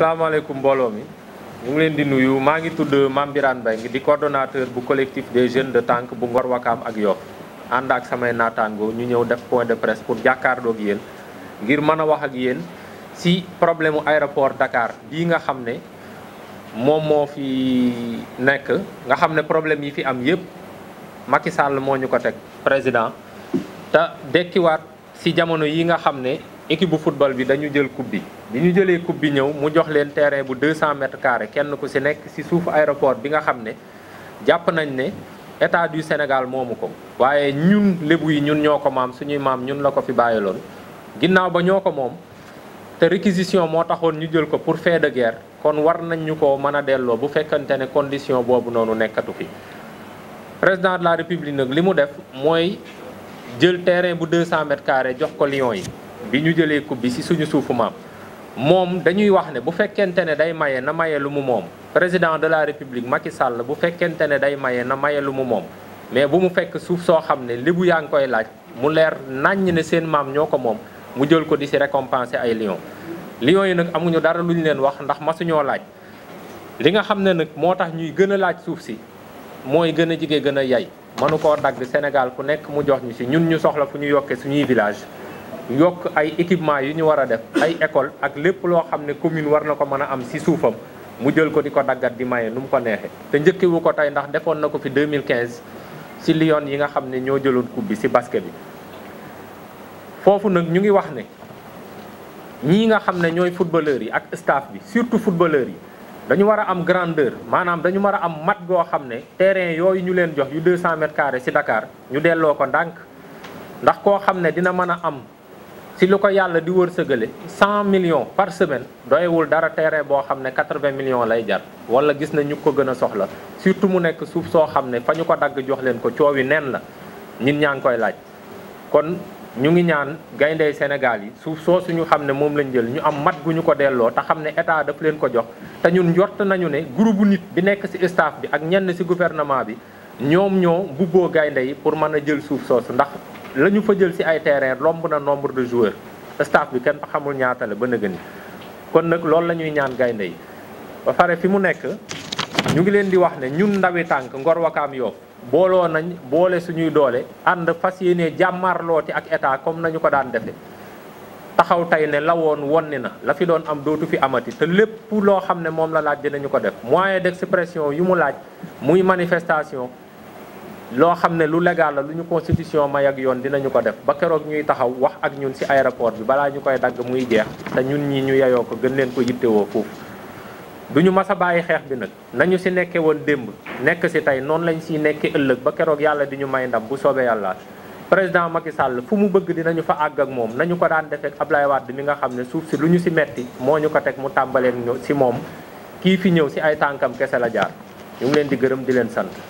salaamaaleykum mbooloo mi ñu ngi leen di nuyu maa ngi tudd Mame Birane Mbengue di coordonnateur bu collectif des jeune de Tank bu Ngor Wakaam ak Yoff ànd ak samay naataango ñu ñëw def point de presse pour jàkkaarloo ak yéen ngir mën a wax ak yéen si problème mu aéroport Dakar bii nga xam ne moom moo fi nekk nga xam ne problème yi fi am yépp Macky Sall moo ñu ko teg président te dekkiwaat si jamono yi nga xam ne équipe bu bi dañu jël coupe bi bi ñu jëlee coupe bi ñëw mu jox leen terrain bu 200 mètres carrés kenn ku si nekk si suuf aéroport bi nga xam ne jàpp nañ ne état du Sénégal moomu ko waaye ñun lébu yi ñun ñoo ko maam suñuy maam ñun la ko fi bàyyiloon ginnaaw ba ñoo ko moom te réquisition moo taxoon ñu jël ko pour fait de guerre kon war nañ ko mën a delloo bu fekkante ne condition boobu noonu nekkatu fi président de la république nag li mu def mooy jël terrain bu 200 mètres carrés jox ko Lions yi bi ñu jëlee coupe bi si suñu suufu maam moom dañuy wax ne bu fekkente ne day maye na maye lu mu moom président de la république Macky sàll bu fekkente ne day maye na maye lu mu moom mais bu mu fekk suuf soo xam ne li yaa ngi koy laaj mu leer nàññ ne seen maam ñoo ko moom mu jël ko di si récompenser ay lion lion yi nag amuñu dara lu ñu leen wax ndax masuñoo laaj li nga xam ne nag moo tax ñuy gën a laaj suuf si mooy gën a jige gën a yay ko koo dagg Sénégal ku nekk mu jox ñu si ñun ñu soxla fu ñu yokkee suñuy village yokk ay équipement yu ñu war a def ay école ak lépp loo xam ne commune war na ko mën a am si suufam mu jël ko di ko daggat di maye nu mu ko neexee. te njëkkiwu ko tey ndax defoon na ko fi 2015 si Lyon yi nga xam ne ñoo jëloon coupe bi si basket bi foofu nag ñu ngi wax ne ñii nga xam ne ñooy footballeurs yi ak staff bi surtout footballeurs yi. dañu war a am grandeur maanaam dañu war a am mat goo xam ne terrain yooyu ñu leen jox yu 200 mètres carrés ci Dakar ñu delloo ko ndànk ndax koo xam ne dina mën a am ci lu ko yàlla di wërsëgale 100 millions par semaine doyewul dara terrain boo xam ne 80 million lay jar wala gis na ñu ko gën a soxla surtout mu nekk suuf soo xam ne fa ñu ko dagg jox leen ko coow yi la nit ñaa ngi koy laaj kon ñu ngi ñaan gayndey Sénégal yi suuf soo suñu xam ne moom lañ jël ñu am mat gu ñu ko delloo te xam ne état daf leen ko jox te ñun njort nañu ne groupe nit bi nekk ci staff bi ak ñenn ci gouvernement bi ñoom ñoo mbubboo gaynde yi pour mën a jël suuf soosu ndax la ñu fa jël ci ay terrain lomb na nombre de joueurs staff bi kenn xamul ñaata la ba nëgëni kon nag loolu la ñuy ñaan gaynde yi ba pare fi mu nekk ñu ngi leen di wax ne ñun ndawi tànk ngor wakaam yoo nañ boole suñuy doole ànd fas yéene jàmmarlooti ak état comme nañu ko daan defe taxaw tey ne la woon wonni na la fi doon am dootu fi amati te lépp loo xam ne moom la laaj nañu ko def moyen d'expression yu mu laaj muy manifestation loo xam ne lu légal la lu ñu constitution may ak yoon dinañu ko def ba keroog ñuy taxaw wax ak ñun ci aéroport bi balaa ñu koy dagg muy jeex te ñun ñi ñu yayoo ko gën leen ko yittewoo foofu du ñu mas a bàyyi xeex bi nag nañu ci nekke woon démb nekk ci tey noonu lañ ciy nekke ëllëg ba keroog yàlla di ñu may ndam bu soobee yàlla président Macky sàll fu mu bëgg dinañu fa àgg ak moom ñu ko daan defek Ablaye Wade mi nga xam ne suuf si lu ñu ci metti moo ñu ko teg mu tàmbaleek ñu ci moom kii fi ñëw ci ay tànkam kese la jaar ñu ngi leen di gërëm di leen sant